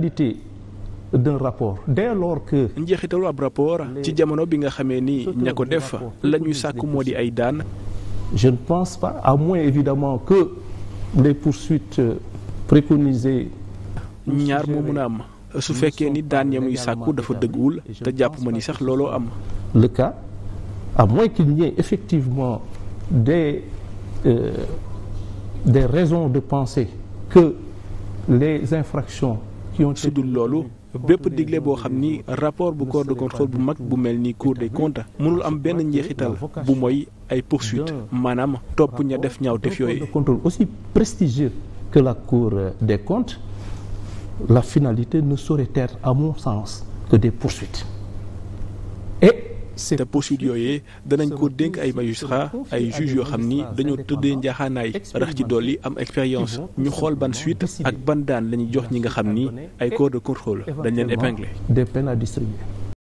validité d'un rapport dès que. njeexitalu ab rapport ci jamono bi nga xamee ni ña ko def la ñuy sàkk moo di ay daan. je ne pense pas à moins évidemment que les poursuites euh, préconisées. ñaar moo mun a am su fekkee ni daan ya sàkku dafa dëgguwul te jàpp ma ni sax looloo am. le cas à moins qu'il y effectivement des euh, des raisons de penser que les infractions. su dul loolu bépp digle boo xam ni rapport bu corps de contrôle bu mag bu mel ni cour des comptes mënul am benn njeexital bu mooy ay poursuite maanaam topp ña def ñaawteef yooyu. contrôle aussi prestigieux que la cour des comptes la finalité ne saurait être à mon sens que des poursuites. te poursuite yooyee danañ ko dénk ay magistrat ay juge yoo xam ni dañoo tëddee njaaxaanaay rax ci dolli am expérience ñu xool ban suite ak ban daan lañuy jox ñi nga xam ni ay corps de contrôle dañ leen épinglé. des